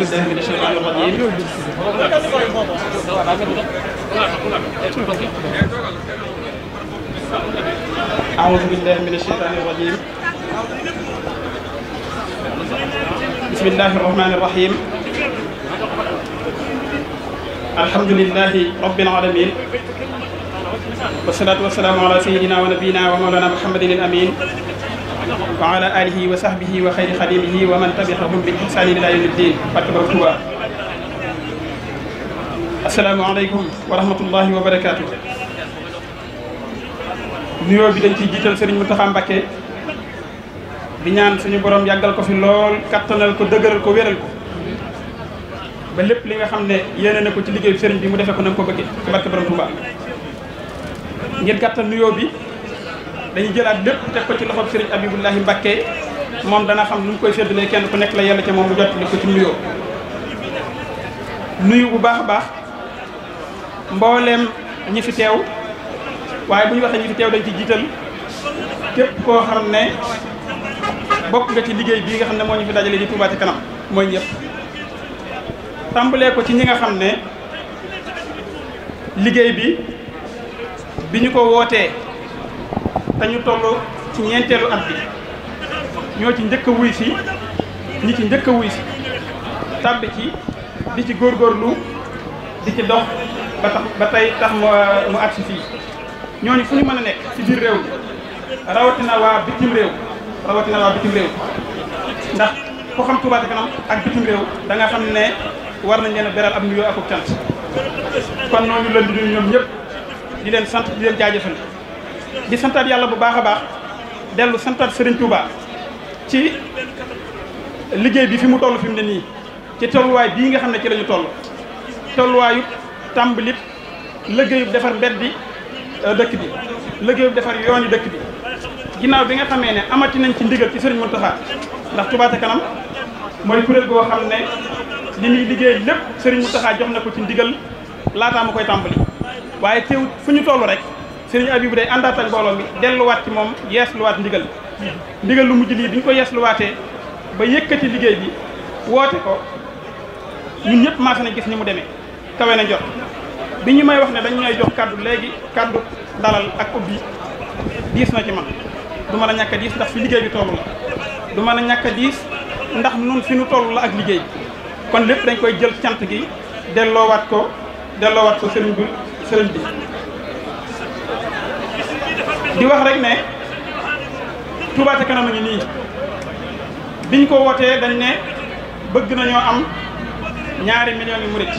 أعوذ بالله من الشيطان الرجيم بسم الله الرحمن الرحيم الحمد لله رب العالمين والصلاة والسلام على سيدنا ونبينا ومولانا محمد الأمين وعلى آله وصحبه وخير خديمه ومن تبعهم بإحسان إلى يوم الدين فكبر التوى السلام عليكم ورحمة الله وبركاته nuyoo bi dañ ciy jiital sëriñ Mountakha Mbacké di ñaan suñu borom yàggal ko fi lool kattanal ko dëgëral ko wéral ko ba lépp li nga xam ne yéene na ko ci liggéeyu sëriñ bi mu defee ko na ko bëggee ci barke borom Touba ngir gàttal nuyoo bi dañuy jëlaat lépp teg ko ci loxob sëriñ Abibullahi Mbàkke moom dana xam nu mu koy séddalee kenn ku nekk la yàlla ca moom mu jot li ci nuyoo nuyu bu baax a baax mbooleem ñi fi teew waaye bu ñu waxee ñi fi dañ ci jiital képp koo xam ne bokk nga ci liggéey bii nga xam ne moo ñu fi dajale di Touba ca kanam mooy ñëpp tàmbalee ko ci ñi nga xam ne liggéey bi bi ñu ko wootee te ñu toll ci ñeenteelu at bi ñoo ci njëkk a wuy si ñi ci njëkk a si tàbbi ci di ci góor góorgóorlu di ci dox ba tax ba tey tax mu mu agsi fii ñooñu fu ñu mën a nekk ci biir réew mi rawatina waa bitim réew rawatina waa bitim réew ndax ku xam Touba ca kanam ak bitim réew da nga xam ne war nañ leen a beral ab nuyoo ak cant kon ñooñu leen di nuyu ñoom ñëpp di leen sant di leen jaajëfal. di santaat yàlla bu baax a baax dellu santaat Serigne Touba ci liggéey bi fi mu toll fi mu ne nii ci tolluwaay bii nga xam ne ci la ñu toll tolluwaayu tàmbalib liggéeyub defar mbeddi euh, dëkk bi liggéeyub defar yooni dëkk bi ginnaaw bi nga xamee ne amati nañ ci ndigal ci Serigne Mountakha ndax Touba kanam mooy kuréel goo xam ne li muy liggéey lépp Serigne Mountakha jox na ko ci ndigal laataa ma koy tàmbali waaye teewut fu ñu toll rek. serigne abibou day àndaatal bi delu wat ci lu wat ndigal ndigal lu mujj lii ko yes lu waté ba yëkkati ligéy bi woté ko ñun ñëpp maase na gis ni mu démé kawe na jot biñu may wax né dañ ñoy jox kàddu légui kàddu dalal ak ubbi dis na ci man duma la ñaka dis ndax fi ligéy bi tollu la duma la ñaka dis ndax nun fi nu tollu la ak ligéy kon lepp dañ koy jël ciant gi wat ko wat ko serigne bi serigne bi di wax rek ne Touba ca kanam a ngi nii biñ ko wootee dañ ne bëgg nañoo am ñaari millions yi murit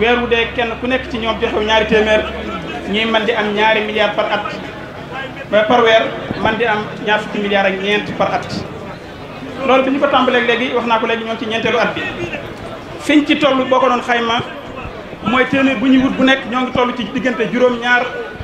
weer wu dee kenn ku nekk ci ñoom joxew ñaari téeméer ñuy man di am ñaari milliards par at ba par weer man di am ñaar fukki milliards ak ñeent par at loolu bi ñu ko tàmbalee léegi wax naa ko léegi ñoom ci ñeenteelu at bi fiñ ci toll boo ko noon xayma mooy téeméer bu ñu wut bu nekk ñoo ngi toll ci diggante juróom ñaar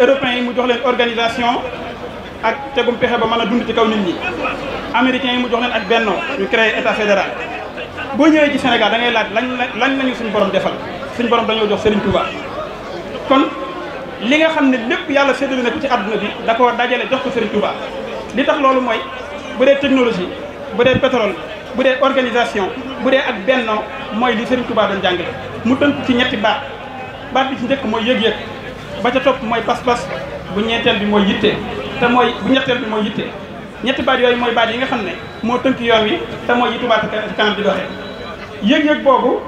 européens yi mu jox leen organisation ak tegum pexe ba mën a dund ci kaw nit ñi américains yi mu jox leen ak benno ñu créé état fédéral boo ñëwee ci Sénégal da ngay laaj lañ lañ lañu suñu borom defal suñu borom dañoo jox Serigne Touba kon li nga xam ne lépp yàlla séddale na ko ci àdduna bi da ko dajale jox ko Serigne Touba li tax loolu mooy bu dee technologie bu dee pétrole bu dee organisation bu dee ak benno mooy li Serigne Touba doon jàngale mu tënk ci ñetti baat baat bi ci njëkk mooy yëg-yëg ba ca topp mooy pas-pas bu ñeenteel bi mooy yitte te mooy bu ñetteel bi mooy yitte ñetti baat yooyu mooy baat yi nga xam ne moo tënk yoon wi te mooy yi Touba ca kanam di doxee yëg-yëg boobu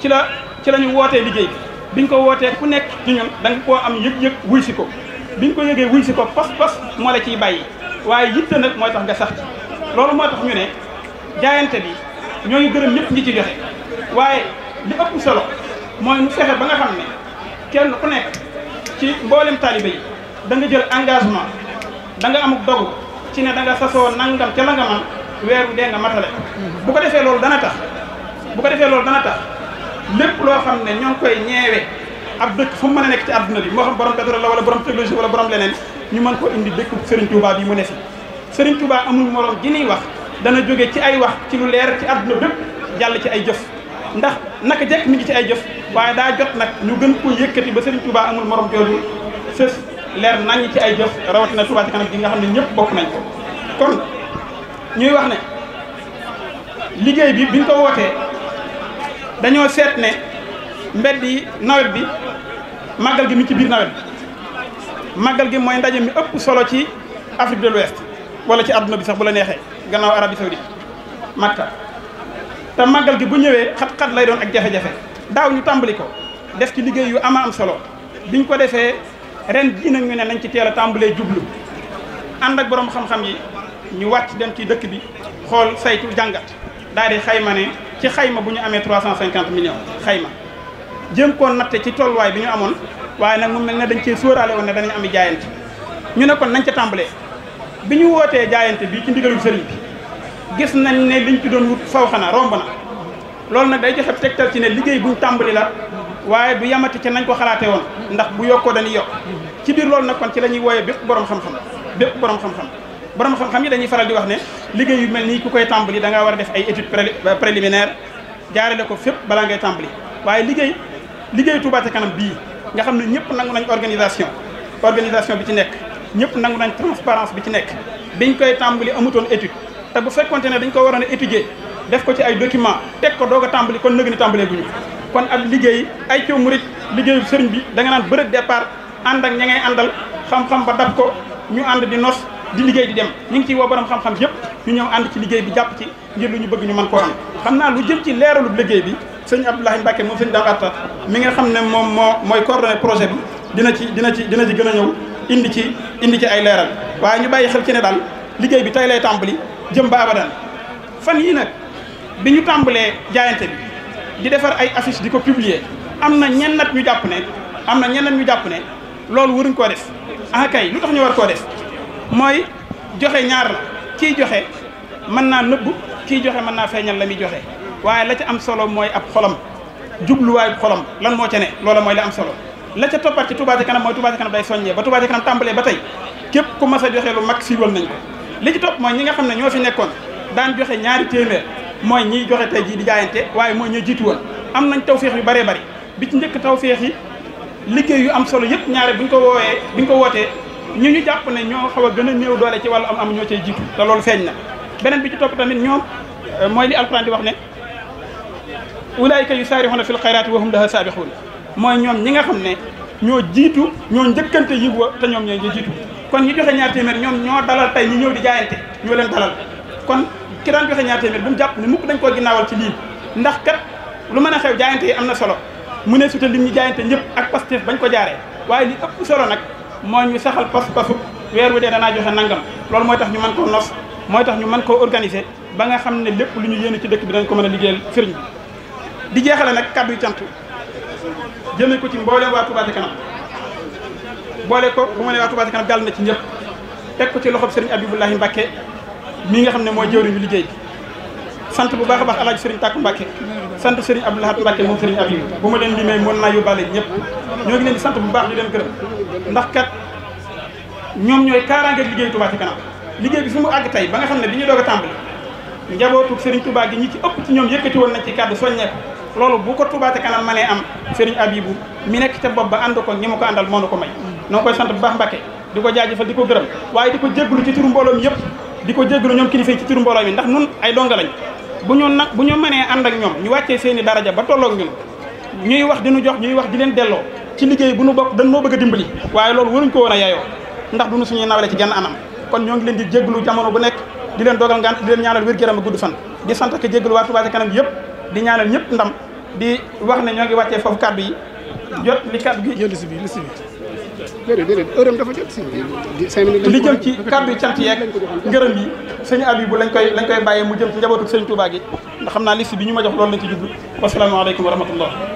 ci la ci la ñu wootee liggéey biñ ko wootee ku nekk ci ñun da koo am yëg-yëg wuy si ko biñ ko yëgee wuy si ko pas-pas moo la ciy bàyyi waaye yitte nag mooy tax nga sax ci loolu moo tax ñu ne jaayante bi ñoo ngi gërëm ñëpp ñi ci joxe waaye li ëpp solo mooy mu fexe ba nga xam ne kenn ku nekk ci mboolem taalibe yi da jël engagement danga nga amuk dogu ci ne da nga sasoo nangam ca la nga man weeru dee nga matale bu ko defee loolu dana tax bu ko defee loolu dana tax lépp loo xam ne ñoo ngi koy ñeewe ab dëkk fu mu mën a nekk ci àdduna bi moo xam borom pétrole la wala borom technologie wala borom leneen ñu mën ko indi dëkk Serigne Touba bi mu ne fi Serigne Touba amul morom ji niy wax dana jóge ci ay wax ci lu leer ci àdduna bépp jàll ci ay jëf ndax naka jekk mi ngi ci ay jëf waaye daa jot nag ñu gën ko yëkkati ba Serigne Touba amul morom jooju sës leer nañ ci ay jëf rawatina Touba ci kanam gi nga xam ne ñëpp bokk nañ ko. kon ñuy wax ne liggéey bi biñ ko wootee dañoo seet ne mbedd yi nawet bi màggal gi mi ci biir nawet bi màggal gi mooy ndaje mi ëpp solo ci Afrique de l'Ouest wala ci àdduna bi sax bu la neexee gannaaw Arabie Saoudite Makka. te màggal gi bu ñëwee xat-xat lay doon ak jafe-jafe daaw ñu tàmbali ko def ci liggéey yu ama am solo biñ ko defee ren jii ñu ne nañ ci teel a tàmbalee jublu ànd ak boroom xam-xam yi ñu wàcc dem ci dëkk bi xool saytu jàngat daal di xayma ne ci xayma bu ñu amee 350 millions xayma jëm koo natte ci tolluwaay bi ñu amoon waaye nag mu mel ne dañ cee sóoraale woon ne danañ am jaayante ñu ne kon nañ ca tàmbalee bi ñu wootee jaayante bii ci ndigalul sëriñ bi gis nañ ne liñ ci doon wut faw xanaa romb na loolu nag day joxe tegtal ci ne liggéey buñ tàmbali la waaye du yamati ca nañ ko xalaatee woon ndax bu yokkoo dañuy yokk ci biir loolu na kon ci la ñuy wooyee bépp boroom xam-xam bépp borom xam-xam borom xam-xam yi dañuy faral di wax ne liggéey yu mel nii ku koy tàmbali da war a def ay études euh, préliminaire jaarale ko fépp balaa ngay tàmbali waaye liggéey liggéey Touba kanam bii nga xam ne ñëpp nangu nañ organisation organisation bi ci nekk ñëpp nangu nañ transparence bi ci nekk biñ koy tàmbali amutoon étude te bu fekkonte ne dañ ko waroon a étudier def ko ci ay document teg ko doog a tàmbali kon nëgg ni tàmbalee guñu kon ab liggéey ay coow murit liggéeyu sëriñ bi da nga naan bërëb départ ànd ak ña ngay àndal xam-xam ba dab ko ñu ànd di nos di liggéey di dem ñu ngi ciy woo borom xam-xam yëpp ñu ñëw ànd ci liggéey bi jàpp ci ngir lu ñu bëgg ñu mën koo am xam naa lu jëm ci leeralu liggéey bi sëñ Abdoulahi Mbacke moom sëñ Dame Atta mi nga xam ne moom moo mooy coordonné projet bi dina ci dina ci dina ci gën a ñëw indi ci indi ci ay leeral waaye ñu bàyyi xel ci ne daal liggéey bi tey lay tàmbali jëm ba abadan fan yii nag bi ñu tàmbalee jaayante bi di defar ay affiche di ko publier am na ñenn nat ñu jàpp ne am na ñenn nat ñu jàpp ne loolu waruñ koo des ah kay lu tax ñu war koo des mooy joxe ñaar la kiy joxe mën naa nëbb kiy joxe mën naa feeñal la muy joxe waaye la ca am solo mooy ab xolam jubluwaay xolam lan moo ca ne loola mooy la am solo la ca toppat ci Touba ca kanam mooy Touba ca kanam day soññee ba Touba ca kanam tàmbalee ba tey képp ku mas joxe lu mag siiwal nañ ko li ci topp mooy ñi nga xam ne ñoo fi nekkoon daan joxe ñaari téeméer mooy ñiy joxe tey jii di jaayante waaye mooy ñu jiitu woon am nañ tawféex yu bëree bëri bi ci njëkk tawféex yi liggéey yu am solo yëpp ñaare buñ ko woowee buñ ko wootee ñu ñu jàpp ne ñoo xaw a gën a néew doole ci wàllu am am ñoo cay te loolu feeñ na beneen bi ci topp tamit ñoom euh, mooy li alquran di wax ne ulaayika yusaarixuuna fil xayraati wa hum laha saabixuun mooy ñoom ñi nga xam ne ñoo jiitu ñoo njëkkante yiw wa te ñoom ñoo jiitu kon ñi joxe ñaar téeméer ñoom ñoo dalal tey ñi ñëw di jaayante ñoo leen dalal kon ki daan joxe ñaar téeméer bu jàpp ne mukk dañ koo ginnaawal ci lii ndax kat lu mën a xew jaayante yi am na solo mu ne suta lim ñu jaayante ñëpp ak Pastef bañ ko jaaree waaye li ëpp solo nag moo ñu saxal pas pasu weer wu dee danaa joxe nangam loolu mooy tax ñu mën koo nos mooy tax ñu mën koo organiser ba nga xam ne lépp lu ñu yéene ci dëkk bi dañ ko mën a liggéeyal sëriñ bi di jeexale nag kàddu yu cant jëmee ko ci mboolem waa Touba ca kanam boole ko bu ma ne waa Touba ca kanam gàll na ci ñëpp teg ko ci loxob sëriñ Abibulahi Mbacke mii nga xam ne mooy jëwriñu liggéey bi sant bu baax a baax alaaj sëriñ Tàkku Mbacke sant sëriñ Abdoulahat Mbacke moom sëriñ Abib bu ma leen limee mën naa yóbbaale ñëpp ñoo ngi leen sant bu baax di leen gërëm ndax kat ñoom ñooy kaaraange liggéey Touba ca kanam liggéey bi fi mu àgg tey ba nga xam ne bi ñu doog a tàmbali njabootu sëriñ Touba gi ñi ci ëpp ci ñoom yëkkati woon nañ ci kàddu soññee ko loolu bu ko Touba ca kanam manee am sëriñ Abibu mi nekk ca bopp ba ànd ko ñi ma ko àndal moo ko may noo koy sante bu baax Mbàkke di ko diko di waye diko waaye ci turu mbolom mi diko di ñom jégalu kilifa ci turu mbolom yi ndax nun ay donga lañ bu ñu nak bu ñu mënee and ak ñom ñu wacce seeni daraja ba tolok ñun ñuy wax di ñu jox ñuy wax di len delloo ci liggéey bu ñu bok dañ mo bëgg dimbali waye loolu wëruñ ko wona a ndax duñu suñu nawle ci genn anam kon ñoo ngi leen di jégalu jamono bu nek di len dogal ngant di len ñaanal wër gu yaram a fan di sante ke jégalu waatu Touba kanam yëpp di ñaanal ñëpp ndam di wax ne ñoo ngi wàccee foofu kàddu yi jot li kaddu gi jël bi bi déedéet déedéet heure am dafa jot si. cinq minutes li jëm ci kàddu yi cant yeeg ngërëm yi sëñ abi bu lañ koy lañ koy mu jëm ci njabootu sëñ Touba gi ndax xam naa liste bi ñu ma jox loolu lañ ci jublu wasalaamaaleykum wa rahmatullah